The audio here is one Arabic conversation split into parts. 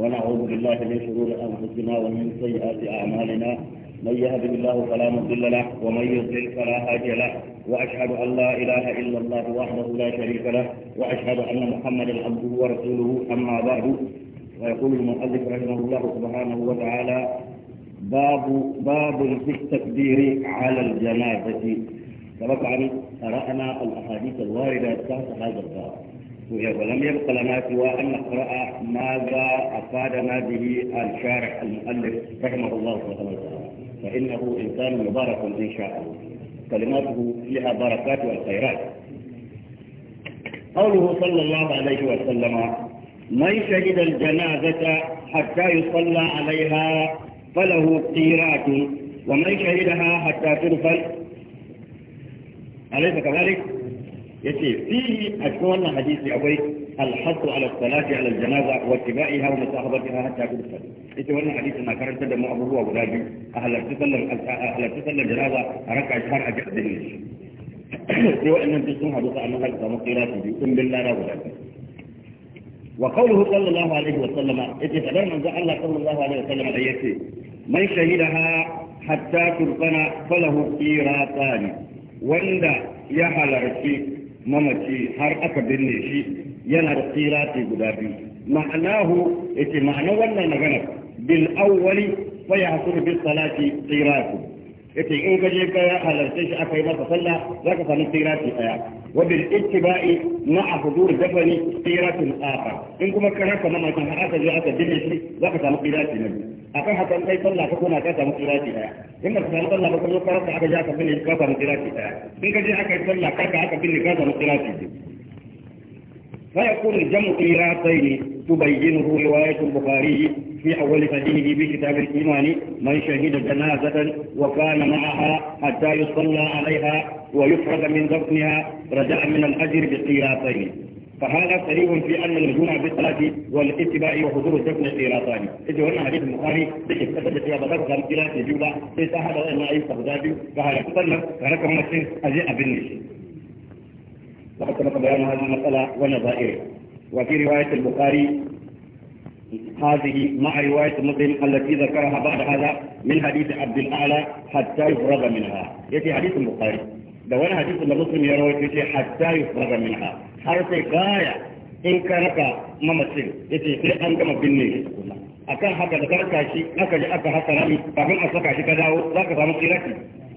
ونعوذ بالله من شرور انفسنا ومن سيئات اعمالنا من يهده الله فلا مضل له ومن يضلل فلا هادي له واشهد ان لا اله الا الله وحده لا شريك له واشهد ان محمدا عبده ورسوله اما بعد ويقول المؤلف رحمه الله سبحانه وتعالى باب باب في التكبير على الجنازه سبق ان قرانا الاحاديث الوارده تحت هذا الباب ولم يبق لنا سوى أن نقرأ ماذا أفادنا به الشارح المؤلف رحمه الله سبحانه وتعالى فإنه إنسان مبارك إن شاء الله كلماته فيها بركات والخيرات قوله صلى الله عليه وسلم من شهد الجنازة حتى يصلى عليها فله قيرات ومن شهدها حتى ترفل أليس كذلك؟ يسير فيه أكون حديث أبوي الحظ على الصلاة على الجنازة واتباعها ومصاحبتها حتى تدخل الصلاة وانا حديث ما كانت تدم أبوه أبو تسلم أهلا تسلم جنازة ركع شهر أجأ بالنش سوى أن تسلم حدوث أنها المقيرات بكم بالله لا ولا وقوله صلى الله عليه وسلم إذ فدر من الله صلى الله عليه وسلم أيتي من شهدها حتى تلقنا فله قيراطان وإن يحل رشيد mamaci har aka binne shi yana da tsirati guda biyu ma'anahu yace ma'ana wannan magana bil awwali fa yahsul bis salati tsiratu yace in gaje ka ya halarce shi aka yi masa sallah zaka samu tsirati daya wa bil ittiba'i ma'a hudur dafani tsiratun akhar in kuma ka rasa mamacin har aka je aka binne shi zaka samu tsirati na biyu أكاها كان أي طلع فيقول الجمع كيراتين تبينه رواية البخاري في أول فديه بكتاب الإيمان من شهد جنازة وكان معها حتى يصلى عليها ويفرد من دفنها رجع من الأجر بالقيراتين فهذا سليم في أن الجمعة بالصلاة والاتباع وحضور الدفن الإيراطاني إذا هنا حديث البخاري بشك تثبت يا بدر قال كلا في جوبة ليس هذا وإن أي صحبابي فهذا تسلم فلكم مسلم اجيء بالنسبة وقد سبق بيان هذه المسألة ونظائرها وفي رواية البخاري هذه مع رواية مسلم التي ذكرها بعد هذا من حديث عبد الأعلى حتى يفرغ منها يأتي حديث البخاري دوانا حديث المسلم يروي حتى يفرغ منها har sai gaya in ka raka mamacin ce sai an gama binne shi kan haka da karka shi aka ji aka haka rami kafin a saka shi ka dawo za ka samu tsiraki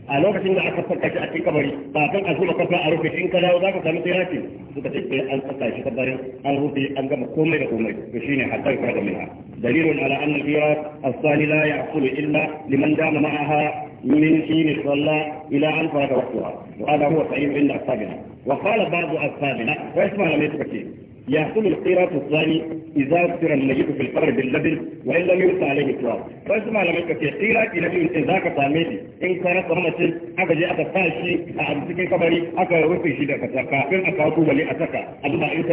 a lokacin da aka saka shi a cikin kabari kan a zuba kafa a rufe shi in ka dawo za ka samu tsiraki suka ce sai an saka shi kabarin an rufe an gama komai da komai to shine hakan ka da mina dalilun ala anna al-firas as-sali la ya'qulu illa liman dama ma'aha من حين صلى إلى أن فرغ وقتها وهذا هو صحيح عند أصحابنا وقال بعض أصحابنا واسمع لم يتبكي يحصل القراط الثاني إذا أكثر الميت في القبر باللبن وإن لم يرسى عليه إطلاق واسمع لم يكفي قيل إلى من ذاك طعميتي إن كانت رمسة أكا جاء تفاشي أمسك قبري أكا وفي شدة فتكا إن أكا أطوب لي أتكا أما إن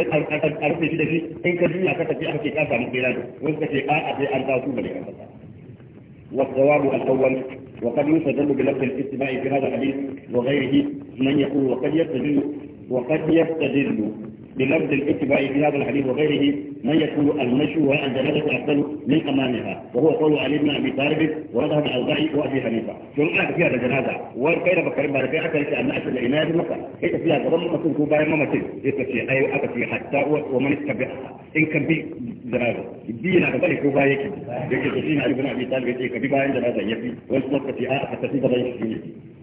أرسي شدة إن كجميع أكا في أكا كاسا من قيرات وإن كفي أكا أطوب لي أتكا والصواب الأول وقد يستدل بلفظ الاستماع في هذا الحديث وغيره من يقول وقد يستدل وقد يستدل بلفظ الاتباع في هذا الحديث وغيره من يكون المشي والجنازة أفضل من أمامها وهو قول علي بن أبي طالب وذهب الأوزاعي وأبي حنيفة شو في هذا الجنازة وكيف بكر بعد كده حتى أن أشهد إناء بمكة في فيها تضم مكة كوبا ما مكة أي وقت في حتى ومن اتبعها إن كان في جنازة دينا كذلك كوبا يكفي يكفي علي بن أبي طالب يكفي باين جنازة يكفي وانت مكة في آه حتى في ضيف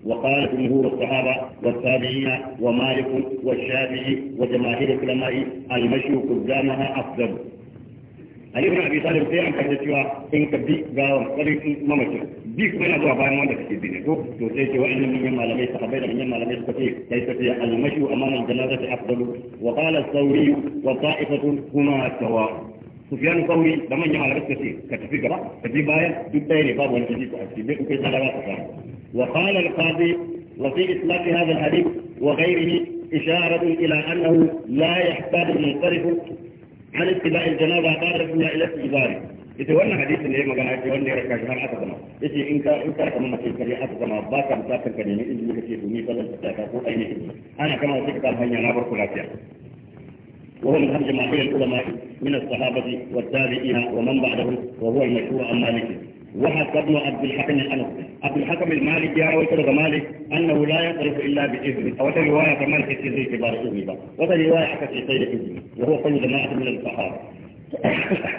وقال جمهور الصحابة والتابعين ومالك والشافعي وجماهير العلماء المشي قدامها أفضل. أي ابن أبي طالب في أن كانت سوى إن كبدي قال قريب ما مشي. بيك من أبو أبو أمانة في الدين. توتي سوى إن من يما لم يتقبل من يما لم يستطيع ليس في المشي أمام الجنازة أفضل. وقال الثوري وطائفة هما سواء. سفيان الثوري لما يما لم يستطيع كتفي قبا كتفي بايا تتايني بابا وانتجي بايا. وقال القاضي وفي إطلاق هذا الحديث وغيره إشارة إلى أنه لا يحتاج المنصرف عن اتباع الجنازة بعد الدنيا إلى استجبار يتولى حديث اللي ما قال يتولى ركع شهر حتى كما إذا إنك إنك كما ما تقدر حتى كما باك مسافر كريم إذا لك في دوني فلا تتكاكو أي شيء أنا كما وصيت على هني أنا بقول وهو من خمس جماعة العلماء من الصحابة والتابعين ومن بعدهم وهو المشروع المالكي. وهب ابن عبد الحكم الحنف عبد الحكم المالك يا ويتر مالك انه لا يصرف الا باذن او روايه كمان في سيدي كبار اذن بقى وهذا روايه حكت في غير اذن وهو قول جماعه من الصحابه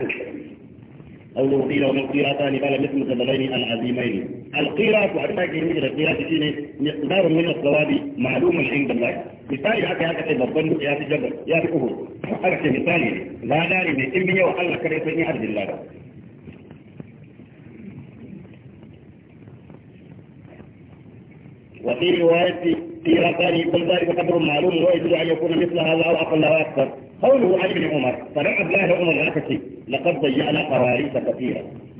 أو لو قيل ومن قيراتان قال مثل الجبلين العظيمين القيرات وعندما يجي القيرات الدين مقدار من الثواب معلوم عند الله مثال هكا هكا في بطن يا في جبل يا في أهل هكا مثال لا داري من إبنية وحلق كريسني عبد الله وفي رواية في رقاني كل ذلك معلوم ويجب أن يكون مثل هذا أو أقل أو أكثر قوله عن ابن عمر فلعب الله عمر العكسي لقد ضيعنا قراريس كثيرة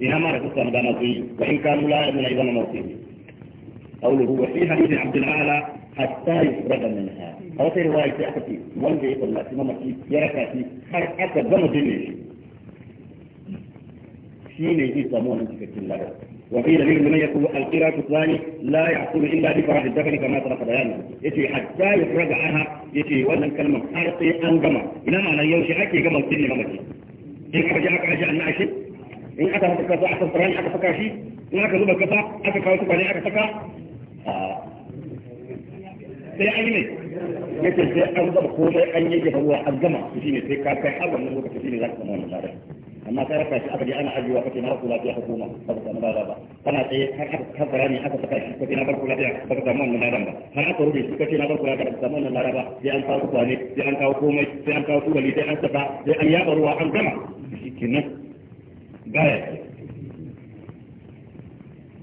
بها ما رفضت مدامته وإن كانوا لا يعلمون أيضا موته قوله وفي حديث عبد الأعلى حتى يفرد منها أو في رواية أكتي وانجي يقول الله في ممتي يركاتي حركة بمدني شيء يجي سموه من تكتب الله وفي دليل من يقول القراءة الثاني لا يحصل إلا بفرح الدفن كما سبق بيانه يتي حتى يفرج عنها يتي ولا الكلمة حرقي أنقمة إنما أنا يوشي أكي قبل سنة ممتي إن أرجعك أرجع أن أشد in aka haka kasa aka fara aka saka shi in aka zuba kasa aka kawo tukwane aka saka sai an yi ne yake sai an zaba ko sai an yi gefa ruwa an gama shi ne sai ka kai har wannan lokaci shi ne za ka samu wannan ladan amma sai raka shi aka je ana ajiyewa kace na rasu lafiya hukuma ba ka samu ladan ba kana tsaye har har farani aka saka shi kace na barku lafiya ba ka samu wannan ladan ba har aka rubuce shi kace na barku lafiya ba ka samu wannan ladan ba sai an kawo kwane sai an kawo komai sai an kawo tubali sai an saka sai an yaba ruwa an gama shi kenan باية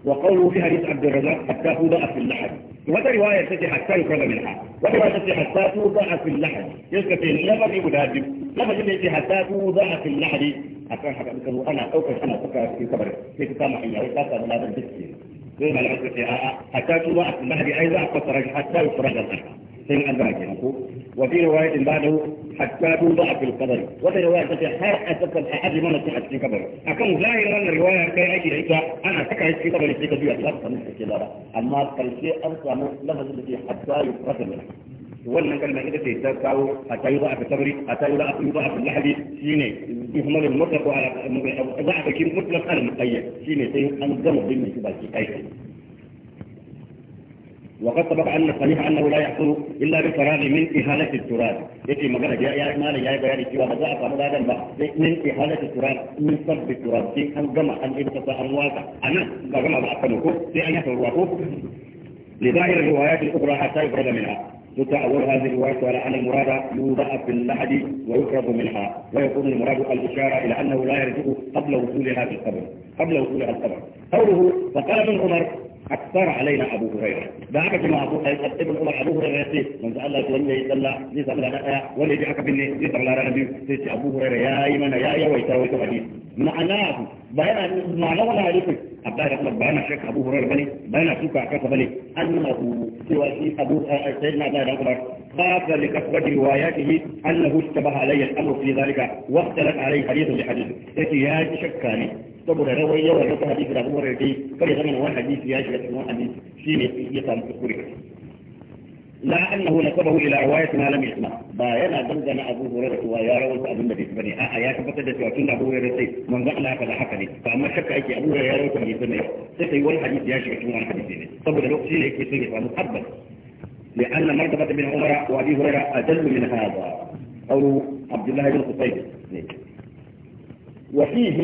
وقوله في حديث عبد الرزاق حتى فوضع في اللحن وهذا رواية التي حتى يفرد منها وهذا التي حتى فوضع في اللحن يسكى في اللفظ يدادب لما التي حتى فوضع في حتى أفرح بأنه أنا أوكش أنا أفكر في كبر في كتامة إلا وإطاقة من هذا البسكين ثم العزة حتى فوضع في اللحن أيضا حتى يفرد منها سين أربعة كنكو وفي رواية بعده حتى توضع في القبر وفي رواية تتحار أسفل الأحد ما السعة في قبر أكون لا يرى الرواية كي أجي عيسى أنا تكعي في قبر في قبر أطلق من الكبارة أما فالشيء أرسى لفظ التي حتى يقتل wannan kalma ita ce ta حتى a في za حتى fi في a في za سيني يهمل المطلق على fi lahadi shine yuhmalu mutlaq سيني za a fi في al muqayyad وقد سبق ان الصحيح انه لا يحصل الا بالفراغ من اهاله التراب يجي مجرد يا يا مال يا بيان كيوا ما ذا من اهاله التراب من صب التراب في الجمع ان ابتدى الواقع واقع انا جمع بعقلك في ان يتروحوا لظاهر الروايات الاخرى حتى يفرد منها تتأول هذه الرواية على أن المراد يوضع في اللحد ويفرض منها ويكون المراد الإشارة إلى أنه لا يرجع قبل وصولها في القبر قبل وصولها القبر قوله فقال ابن عمر أكثر علينا أبو هريرة دعك كما أبو ابن عمر أبو هريرة يأتي من سأل الله ولي يسأل ليس على رأى ولي جعك بني ليس على رأى نبي سيسي أبو هريرة يا إيمان يا يا ويتر ويتر حديث معناه بيانا معناه ولا حديث عبد الله يقول بيانا شك أبو هريرة بني بيانا شك أكاك بني أنه سوى أبو آه، آه، سيدنا عبد الله يقول خاف لكثرة رواياته أنه اشتبه علي الأمر في ذلك واختلف عليه حديث لحديث يا شكاني saboda rawar yawan wata hadisi da kuma rai kada zama wani hadisi ya shiga cikin wani hadisi shine ya samu kuskure لا أنه نسبه إلى رواية ما لم يسمع باينا دمجن أبو هريرة ويا رواه أبو النبي بني آه يا كبت دسوا كنا أبو هريرة سي من قال لك الحق لي فأما شك أيك أبو هريرة يا رواه أبو النبي سيكي والحديث يا شيخ من الحديثين طب لو سيلي كي سيلي فمحبت لأن مرتبة من عمر وأبي هريرة أجل من هذا قول عبد الله بن قصيد وفيه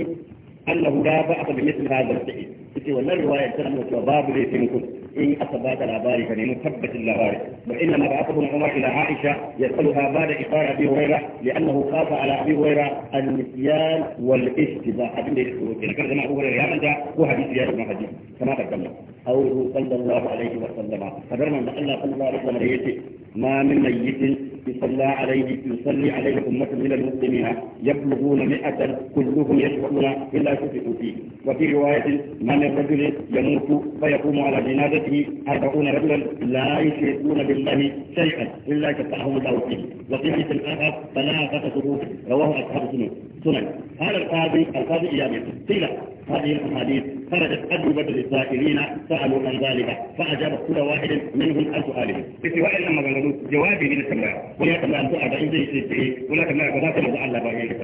أنه لا بأس بمثل هذا الشيء في ولا الروايه سلم وبابلي ليس منكم إن أصابت الأباري فلمثبت اللغاري وإنما بعثهم عمر إلى عائشة يسألها بعد إقرار أبي هريرة لأنه خاف على أبي هريرة النسيان والاشتباه الخروج لكن كان جماعة أبو هريرة يعمل ده وحديث يا ابن حديث كما قدمنا قوله صلى الله عليه وسلم فبرنا أن الله صلى الله عليه وسلم ما من ميت يصلى عليه يصلي عليه أمة من المسلمين يبلغون مئة كلهم يشفعون إلا شفعوا فيه وفي رواية ما من رجل يموت فيقوم على جنازته أربعون رجلا لا يشركون بالله شيئا إلا شفعهم الله فيه وفي حديث آخر ثلاثة صفوف رواه أصحاب السنن سنن هذا القاضي القاضي إيابي قيل هذه الأحاديث خرجت قبل بدر للسائلين سألوا عن ذلك فأجاب كل واحد منهم عن سؤاله في وائل لما قالوا جوابي من السماء ولا تملا أن تؤدى إن ولكن لا تملا بذات الله على بغير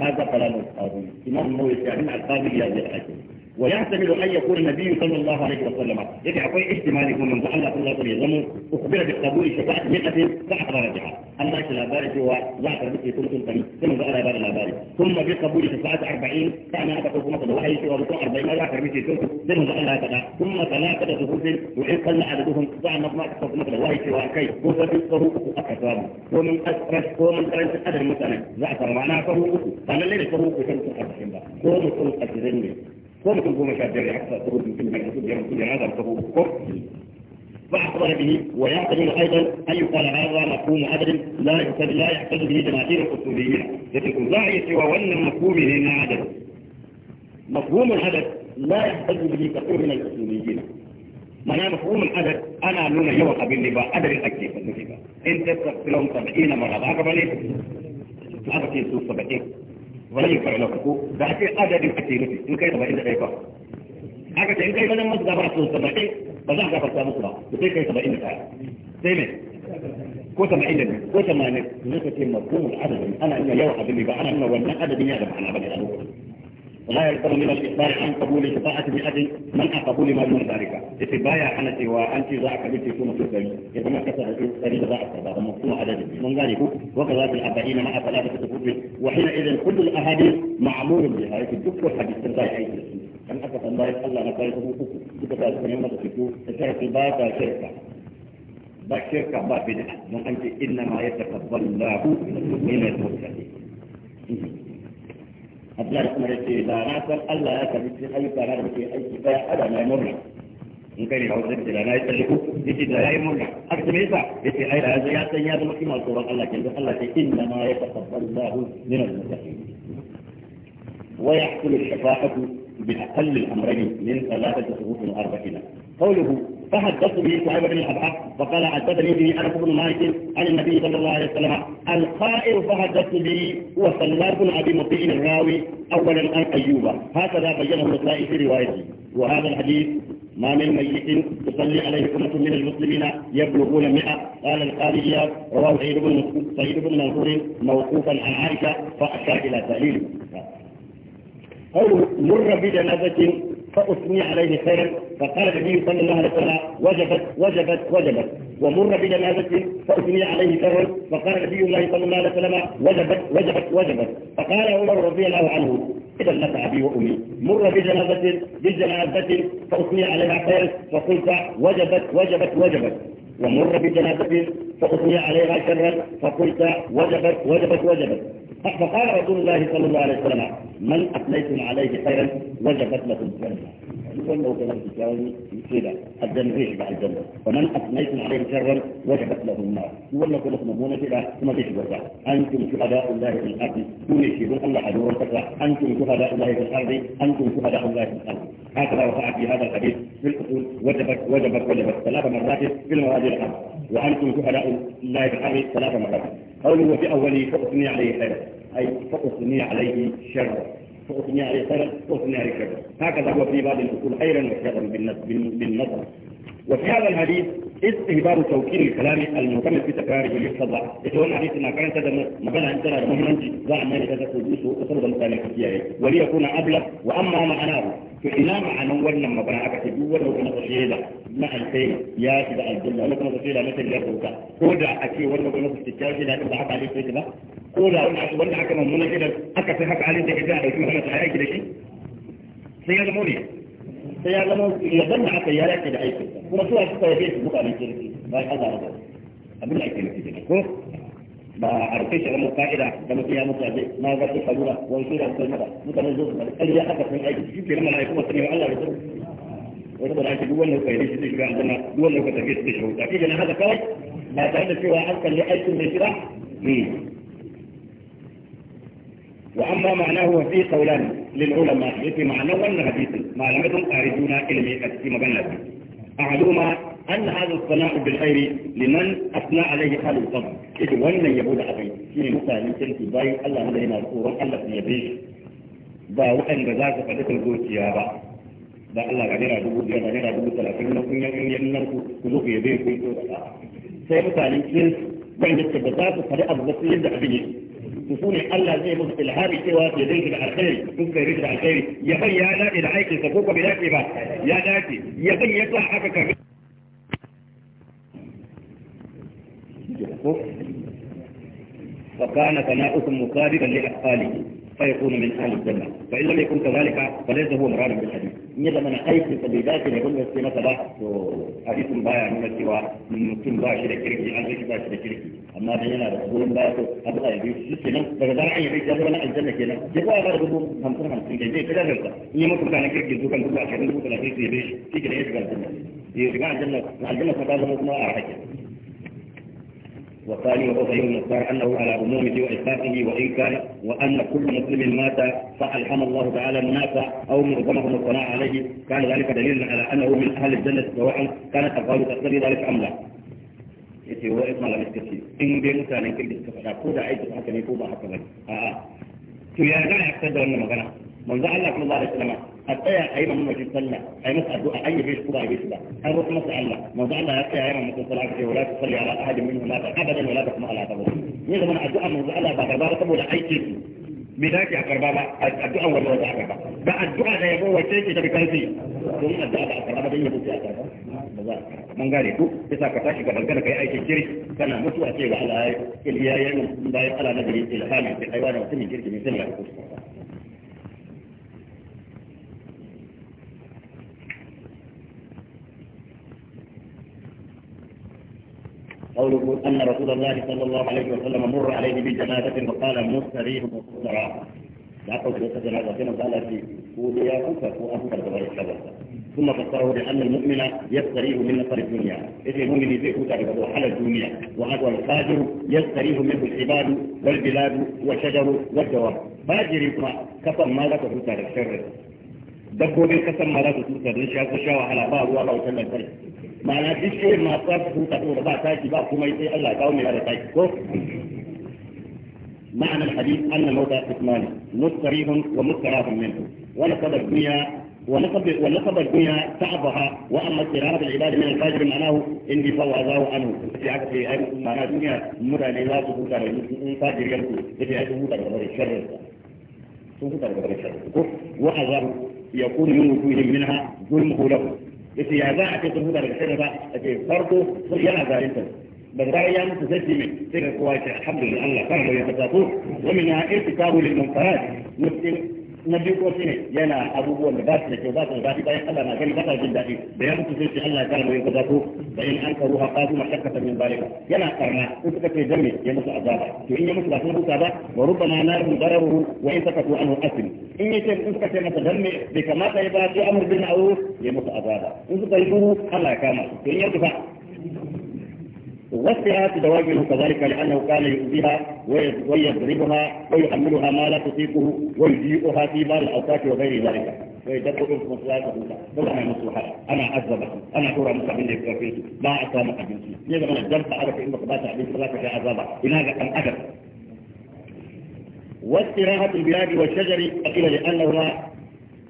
هذا كلام القاضي إمام نووي كان القاضي يا ذي الحكيم ويحتمل أن يكون النبي صلى الله عليه وسلم يجي أقوي احتمال يكون من زعل الله صلى الله عليه أخبر بقبول شفاعة مئة فأحضر رجعه أن ليس الأباري هو ظهر به ثلث قليل ثم زعل أبار الأباري ثم بقبول شفاعة 40 كان هذا قلت مثلا وحي سوى 40 ظهر به ثلث ثم زعل هكذا ثم ثلاثة ثلث وإن عددهم زعل ما قلت مثلا وحي سوى كي وفي فهو أكثر ومن أسرش ومن أسرش أدر مثلا زعل معناه فهو أكثر فأنا ليس فهو أكثر أربعين هو مثل أكثر كل حتى هذا كفر به ويعتدون أيضا أن يقال هذا مفهوم عدل لا يحتج لا يحتج به جماهير الأصوليين لكن لا يسوى ولا مفهومه ما عدد مفهوم العدد لا يحتج به كثير من الأصوليين معناه مفهوم العدد أنا لون يوم قبل لي اكيد أنت تقتلهم سبعين مرة هذا بني هذا كيسوس وليس علاقه بحث عدد كثير ان كان بايد ايضا حاجة ان كان بدا مصدر رسول الصباحي بزاح جافة مصدر وكيف كان بايد ايضا سيمة كوتا ما ايضا كوتا ما نفسي مفهوم العدد انا ان يوحى بني بحنا انا وانا عدد يعدم على بني الاخر ولا يلزم من الإخبار عن قبول الشفاعة بأحد منع قبول ما دون ذلك اتباعي عن سوى أنت ذاك الذي تكون في البيت إذا ما كسر السرير ذاك هذا مقطوع عدد من ذلك وكذا الأربعين مع ثلاثة كتب وحينئذ كل الأحاديث معمول بها في الدكتور حديث تنتهي أي أن أكثر الله الله نقاله أكو كتب أسمى يوم تكتب تشارك الباب شركة ba shirka أنت إنما يتقبل الله من inna ma Abdullahi Umar yace da na san Allah ya karbi cikin ayyuka na da muke aiki da ada na murna in kai da wasu da na yi tsalliku yace da yayi murna aka ce me yasa yace ai da ya san ya zama kima tsoron Allah ke dan Allah ce inna ma yataqabbalu Allahu min al-muttaqin wa yahkulu ash-shafa'atu bi aqalli al-amrayn min thalathati shuhur arba'ina qawluhu فحدثت به صهيب بن الحبحب وقال حدثني به انس بن مالك عن النبي صلى الله عليه وسلم القائل فحدثت به هو سلام بن ابي مطيع الراوي اولا عن ايوب هكذا بينه النسائي في روايته وهذا الحديث ما من ميت تصلي عليه أمة من المسلمين يبلغون مئة قال القاضي رواه سعيد بن سعيد بن منصور موقوفا عن عائشة فأشار إلى تأليله قوله مر بجنازة فأثني عليه خيرا فقال النبي صلى الله عليه وسلم وجبت وجبت وجبت ومر بجنازة فأثني عليه خيرا فقال نبي الله صلى الله عليه وسلم وجبت وجبت وجبت فقال عمر رضي الله عنه إذا لك أبي وأمي مر بجنازة بجنازة فأثني عليها خيرا فقلت وجبت وجبت وجبت ومر بجنازة فأثني عليها شرا فقلت وجبت وجبت وجبت فقال رسول الله صلى الله عليه وسلم من أثنيتم عليه خيرا وجبت لكم جنة كل وكذا الكتاب كذا الجمعية بعد الجنة ومن أثنيتم عليه شرا وجبت له النار ولا كلكم مضمونة كذا ثم وجع أنتم شهداء الله في الأرض دون يشهدون الله عدو الفترة أنتم شهداء الله في الأرض أنتم شهداء الله في الأرض هكذا وقع في هذا الحديث في الأصول وجبت وجبت وجبت ثلاث مرات في المواد الخمس وأنتم شهداء الله في الأرض ثلاث مرات قوله وفي أوله فأثني عليه خير أي فأثني عليه شر وفي عليه سنة وفي عليه كذا هكذا هو في بعض الأصول خيرا وشرا بالنظر وفي هذا الحديث استهبار توكيل الكلام المعتمد في تكراره للصدع يقول الحديث ما كانت تدم مبنى انترى ترى مهمنتي ضع ما يتذكر بيسو وصرد مثال الحكية وليكون أبلغ وأما معناه فإلا معنى ولنا مبنى عكس ولو كان تشيدا ما الخير يا كده الجنة ولو كان تشيدا مثل يقولك كودا أكي ولو كان تشيدا لا ضحك عليك كده كودا ولو كان تشيدا أكتب حق عليه كده أكتب حق عليك كده أكتب حق كده شيء سيادة مولي sai ya zama yardan da aka yi ya dace da aikin kuma suwa suka yabe su mutanen kirki bayan an zara abin da ake nufi da ko ba a rufe shi ranar fa'ida da mutum ya mutu aje na ga suka nuna wani shi da suka nuna mutanen zo su da ƙarya aka san aiki shi ke nan mala'iku masu ne Allah ya zo wata da ake duk wannan kwaye shi zai shiga aljanna duk wannan kwaye shi zai shiga wuta ke ganin haka kawai ba tare da cewa an kalli aikin mai shira وأما معناه وفي قولان للعلماء في معنى ولا حديثي معلمتهم قاردون إلى أكسي مبنى أحدهما أن هذا الصناع بالخير لمن أثنى عليه حال الصبر إذ وين يبود أبي في مثال كنت باي الله هذا هنا الصورة ألا في يبيش با وأن بذاك قد الجوت يا با با الله غنيرا دبو ديا غنيرا دبو ثلاثين نقوم ينركو كلوك يبيش كلوك سيبتالي كنت وين يتبذاك قد أبغط يد أبيه su Allah zai musu ilhami cewa ke zai da alkhairi sun kai alkhairi ya bai ya dace da aikin sa ko bai dace ba ya dace ya bai ya sa aka karbi فكان ثناؤكم min لأثقاله فيكون من أهل الجنة فإن لم يكن كذلك فليس هو مراد بالحديث ya zama na aikin sa bai dace da gwamnati sai masa ba to hadisin baya nuna cewa mutum ba shi da kirki an zai ba shi da kirki amma dan yana da goyon baya to abu da yake shi kenan daga zaran an yi bai zama na aljanna kenan ya ba da dubu hamsin hamsin da zai kada da in ya mutu kana kirki dukan dubu ashirin dubu talatin sai bai shi kenan ya shiga aljanna ya shiga aljanna aljanna ta zama kuma a hakin وقال وهو يوم الصار انه على عمومه واسقاطه وان كان وأن كل مسلم مات فألحم الله تعالى منافع أو منظمه الصلاه عليه كان ذلك دليلا على أنه من أهل الجنة سواء كانت أفضل تقتل ذلك أم لا إذا هو اسمع على مستثير إن كان لن كل استفادة كودا عيد حتى نفوضا حتى لك آآ آه، آه. تويا جانا يحتاج لنا مغنى من ذا الله صلى الله عليه وسلم حتى يا أيما من وجه صلى أي مسعى الدعاء أي بيش قضاء بيش لا أروح مسعى الله من ذا الله حتى يا أيما من وجه صلى ولا تصلي على أحد منهم أبدا ولا تقمع على تبوضي ne zama addu'a manzo Allah ba karba ba saboda aiki su me da a karba ba addu'a wanda wata aka ba ba addu'a da yabo wace ke da karfi don addu'a da karba da yabo ce a karba ba za man gare ku yasa ka tashi gaban kana kai aikin kiri kana mutuwa ce ga Allah ya yi ya yi bayan Allah na gari ilhami sai aiwa da mutumin kirki ne sai ya kusa قوله أن رسول الله صلى الله عليه وسلم مر عليه بجنازة وقال مستريح مستراح لا قلت ليس جنازة قال في أولي أنفك وأنفك بغير كذا ثم فسره بأن المؤمن يستريح من نصر الدنيا إذ المؤمن يزيح تعبد على الدنيا وهذا القادر يستريح منه العباد والبلاد والشجر والدواب فاجر يقرأ كفر ما لا تفوت على الشر dabbobin kasan ma za su tuta don sha su sha ma'ana duk ba ba kuma sai Allah ya kawo mai da ko معنى الحديث أن الموتى عثمان مستريح ومستراح منه ولقد الدنيا ونصب ونصب الدنيا تعبها واما استراحه العباد من الفاجر معناه اني فوضاه عنه في عكس معنى الدنيا مدى لا تكون فاجر يمكن في عكس مدى الشر وعذاب يقول من وجوههم منها ظلمه له yace ya za a ce kun huta daga sai ba a ce farko yana zalunta daga bayan ya mutu sai mai sai ga kowa ce alhamdulillah Allah kana da ya fata ko wa min ya irtikabu lil munkarat mutum na biyu ko ne yana abubuwan da ba su da kyau ba su da daɗi bayan Allah na gani ba jin daɗi da ya mutu sai Allah ya kare mu yanka zato da in an karu haka kuma shakkata min balika yana karna in suka ce dan me ya mutu azaba to in ya mutu ba sun duka ba wa rubbana narun dararuhu wa in saka anhu asim in ya ce in suka ce masa dan me bai kamata ya ba su amr bin ma'ruf ya mutu azaba in suka yi duru Allah ya kama to in ya duka وسعت دواجنه كذلك لأنه كان يؤذيها ويضربها ويحملها ما لا تطيقه ويجيئها في بعض الأوقات وغير ذلك ويدخل في مصلحة طبعا المصلحة أنا أذبك أنا أرى في يكفيك ما أسامك بنتي إذا أنا جلت أعرف إنك ما أبنتي لا تشاء عذابا، إن هذا كان أدب واستراحة البلاد والشجر قيل لأنهما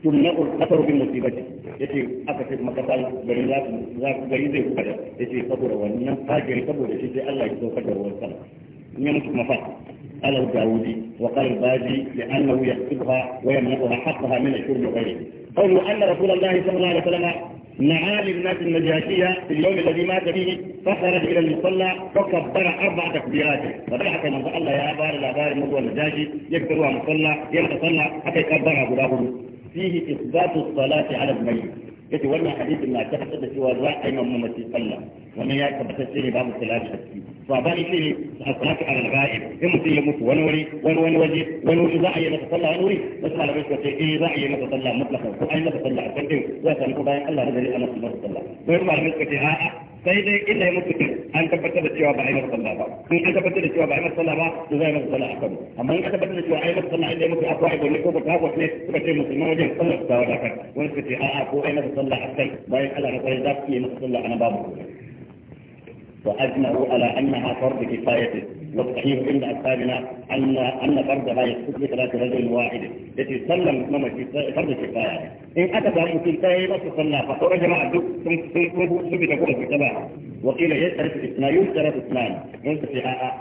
ثم الخطر من مصيبته yace aka ce maka sai gari za ku za ku gari zai kuka yace saboda wannan fajiri saboda shi sai Allah ya saukar قال الداودي وقال الباجي لأنه يكتبها ويمنعها حقها من الشرب وغيره قولوا أن رسول الله صلى الله عليه وسلم معالي الناس النجاشية في اليوم الذي مات فيه فخرج إلى المصلى وكبر أربع تكبيرات فضحك من قال يا أبار الأبار المدوى النجاشي يكبرها مصلى يمتصلى حتى يكبرها أبو فيه إثبات الصلاة على الميت يتولى حديث ما تحدث سوى الواحد من ممثل الله ومن يأتي بتسليه بعض الثلاث حديث sabani shine as-salatu ala al-ghaib in mutum ya mutu wani wuri wani wani waje wani wuri za a yi masa sallah wani wuri wasu malamai suka ce eh za a yi masa sallah mutlaka ko ai masa sallah a kan din za ta nufa bayan Allah da zai ana masa sallah wani malamai suka ce a'a sai dai inda ya mutu an tabbatar da cewa ba a yi masa sallah ba in an tabbatar da cewa ba a yi masa sallah ba to za a yi masa sallah a kan amma in an tabbatar da cewa a yi masa sallah inda ya mutu akwai abu ne ko ba ta hawa ne suka ce musulman wajen sallah su dawo da kan wani suka ce a'a ko ai masa sallah a kan bayan Allah na kwarai za su yi masa sallah ana babu وأجمعوا على أنها فرض كفاية والصحيح عند أصحابنا أن أن فرضها يسقط بثلاث رجل واحد التي سلم مسلم فرض كفاية إن أتى مسلم لا صلى فخرج مع الدب ثم تكون في جماعة وقيل يشترط اثنان يشترط اثنان يشترط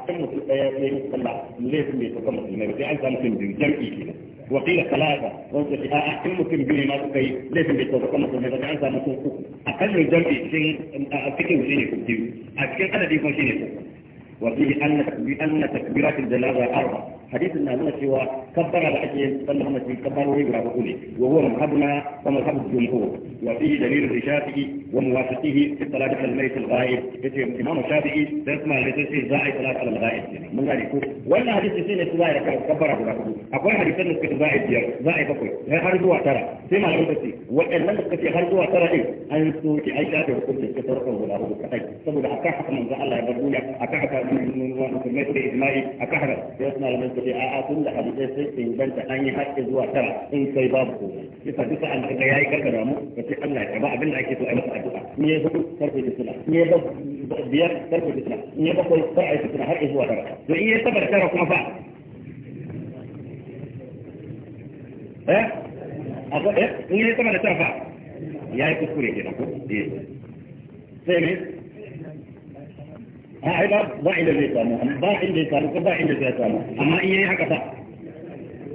ثم صلى ليس بيتكم مسلمين في أنت مسلم جمعي كده وقيل ثلاثة وانت في أحكم مسلم بين ما تكي ليس بيتكم مسلمين في أنت مسلم أقل جمع سن أفكر سنة كبير أفكر أنا دي فشينة وفيه أن تكبيرات الجنازة أربع حديث النبي سوى كبر الحجين فالمحمد كبر ويقرا بقوله وهو مذهبنا ومذهب الجمهور وفيه دليل الشافعي وموافقه في الثلاثة الميت الغائب في الإمام الشافعي تسمع لتسعي الزائد ثلاثة الغائب من قال يقول ولا حديث سنة سوى كبر ابو راكبو أقول حديث سنة كتب زائد دير زائد بقول هي خارج هو ترى سمع لبسي وإن لم تكتي خارج هو ترى إيه أن يسوكي أي شافع وقل تسكت رقم ولا رقم كتاك سبب أكاحة من زعل الله يبرجولك أكاحة من المسلمين في إجمائي يسمع لمسك suka a a'a tun da hadisai sai ka yi inganta an yi haƙƙi zuwa tara in kai babu komai bisa duka an ya yi karka damu ka ce Allah ya ba abin da ake so a masa addu'a in ya zo karfe da suna in ya ba biyar karfe da suna in ya bakwai kar a yi suna har zuwa tara to in ya tabar tara kuma fa eh akwai eh in ya tabar tara fa ya yi kuskure ke kenan ko eh. sai ne a ba ba inda zai samu ba inda zai samu ko ba inda zai samu amma in yayi haka fa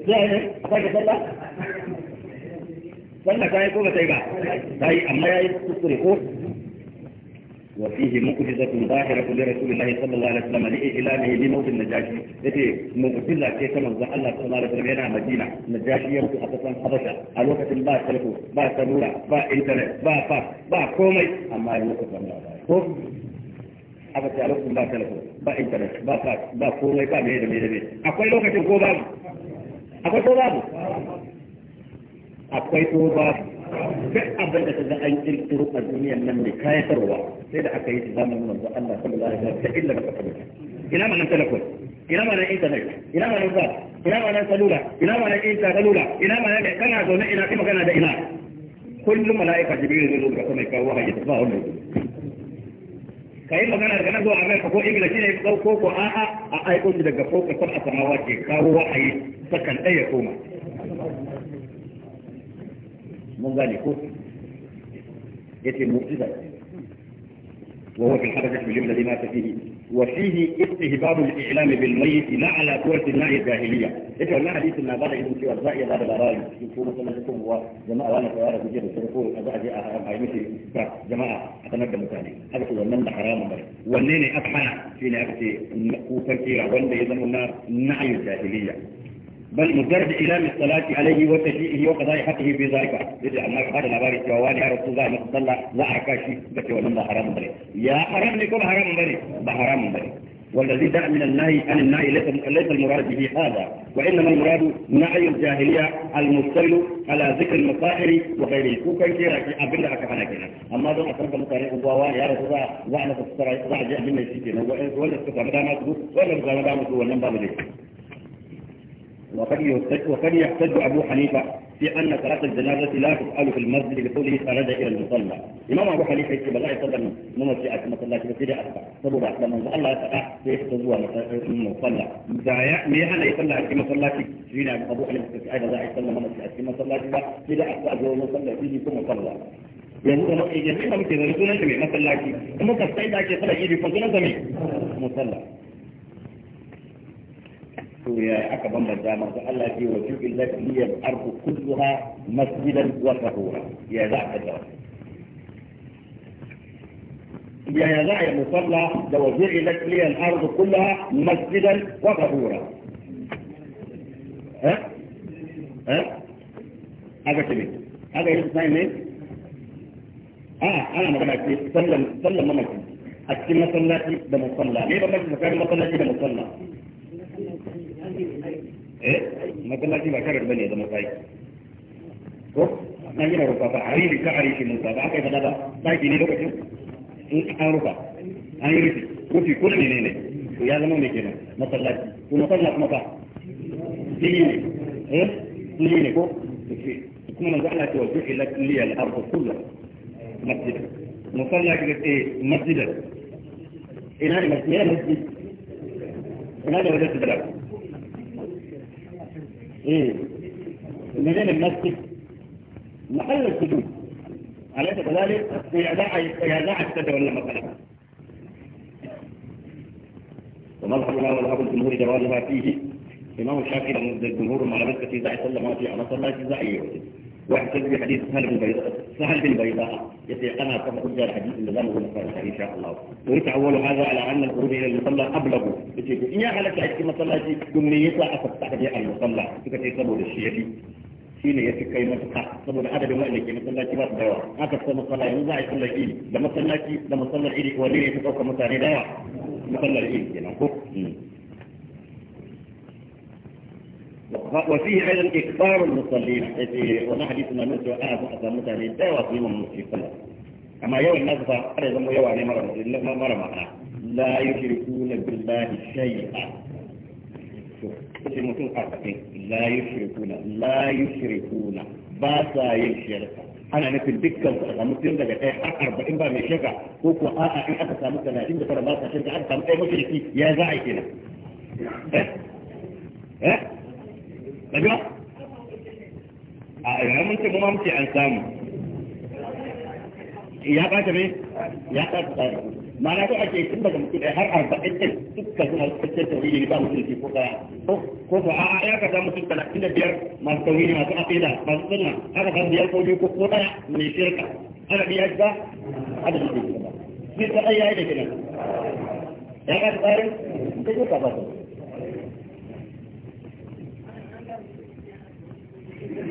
sai ne ka ga wannan kai ko ba sai ba sai amma yayi kuskure ko وفيه معجزة ظاهرة لرسول الله صلى الله عليه وسلم لإعلانه بموت النجاشي يتي معجزة كي كما الله صلى الله عليه وسلم هنا مدينة نجاشي يموت أساسا حبشة الوقت با تلفو با سنورة با إنترنت با فاكس با كومي أما الوقت الله aka ce alaikum ba telefon ba internet ba ka ba komai ba mai da mai da mai akwai lokacin ko babu akwai ko babu akwai ko babu duk abin da kaga an kirkiro a duniyar nan ne kayatarwa sai da aka yi ta zamanin manzo Allah sallallahu alaihi wasallam ta illa da kafin ina ma nan telefon ina ma nan internet ina ma nan ba ina ma nan salula ina ma nan internet ina ma nan kana zaune ina kuma kana da ina kullum mala'ika jibril zai zo da kuma kawo wahayi ba wannan ka yi magana daga nan zuwa amerika ko ingila shi ne ko ko a'a a aiko shi daga ko kasar a samawa ke kawo wa'ayi sakan ɗaya koma mun gane ko yace mu'jiza وهو في الحركة بالجملة لما فيه وفيه استهباب الإعلام بالميت لا على قوة الله الجاهلية إذا ما حديث بعد إذن في أرزاء بعد برائي يكون مثلا يكون هو وأنا في أرزاء جيدة هذا حرام بري وأنني أبحى في نفسي مكوفا كيرا وأن النار نعي الجاهلية بل مجرد إلام الصلاة عليه وتشيئه وقضاء حقه في ذلك إذا ما قال الأباري جواني أرى الصلاة مقصد الله لا أركاشي بكي ونمى حرام بري يا حرام لكم حرام بري بحرام بري والذي دع من النهي عن النهي ليس المراد به هذا وانما المراد نهي الجاهليه المشتمل على ذكر المصائر وغيره كوكا كيرا ابن لك انا كده اما دون اكرم المصائر وبوا يا رسول الله وانا فسر واحد من الشيء ولا استفهام ما تقول ولا ما تقول ولا ما تقول وقد يحتج أبو حنيفة في أن صلاة الجنازة لا تفعل في المسجد لقوله خرج إلى المصلى إمام أبو حنيفة يقول الله يصدر ممشي في مصلى كبير أكبر بعد لما من الله يسأل في تزوى المصلى دعايا ميهانا يصلى في مصلى كبير أبو حنيفة في أيضا لا يصلى ممشي في مصلى كبير أكبر أزوى مصلى فيه كم مصلى yanzu da mafi jami'a muke zai sunan mai masallaci in muka sai da ake fara iri fa sunan mai musalla يا أكبر من الدامة الله في وجوه التي هي الأرض كلها مسجدا وطهورا يا ذا الدرس يا يا ذا يا مصلى دوزير التي هي الأرض كلها مسجدا وطهورا ها ها هذا كلمه هذا يسمى مين؟ اه انا ما بنعرف سلم سلم ما مكتب a cikin masallaci da musalla ne ba mace tsakanin eh masallaci ba karar bane zama sai ko na gina rufa ba arifi ka ari arifi musa ba aka yi fada ba saki ne lokacin in an rufa an yi rufi Ko rufi ko ne ne ya zama mai kenan masallaci kuma sallah kuma ba fili ne eh fili ne ko kuma manzo Allah ce wa ju'ilat li al-ardu kullu masjid musalla kike ce eh, masjidan ina ne masjid ina ne Ina da wajen da ايه منين المسجد محل السجود أليس كذلك يدعى يدعى السد ولا مثلا ومذهب الله والأب الجمهور جوازها فيه إمام الشافعي لما الجمهور ما لبث في زعي صلى الله عليه وسلم في زعي في حديث سهل بن بيضاء سهل بن بيضاء يتيقنها كما قلت الحديث اللي لم ان شاء الله ويتعول هذا على ان الخروج الى المصلى ابلغ يقول يا على كعبتي إيه ما صليتي ثم يطلع فتحت بها المصلى فكيف يصلوا للشيخ شين يسك كي ما تقع صلوا لعدد ما لك ما صلى كبار دواء هذا صلى صلى يوضع صلى كيل لما صلى كي لما صلى كيل ولي يتقوك مساعدة ما صلى كيل يعني وفيه أيضا إكبار المصلين ونحديث من نسوا آه أزمتها للدوا في من المصلين كما يوم نزفة أيضا يوم مرة مرة لا يشركون بالله شيئا لا يشركون لا يشركون باسا يشركون ana ne fil dikkan da mutum daga kai har arba'in ba mai shaka ko ko a a in aka samu talatin da tara ba daga a mun ce an samu ya ɓata ne ya ɓata tsari ake tun daga har arba'in ɗin suka suna cikin tauri ne ba mutum ke ko ɗaya ko ko a'a ya ka samu mutum talatin da biyar masu tauri ne masu afida masu suna aka samu biyar ko biyu ko ko ɗaya mai shirka ana biya ba ana biya ba sai ta ɗaya ya yi da ya ɓata tsarin ka ba ta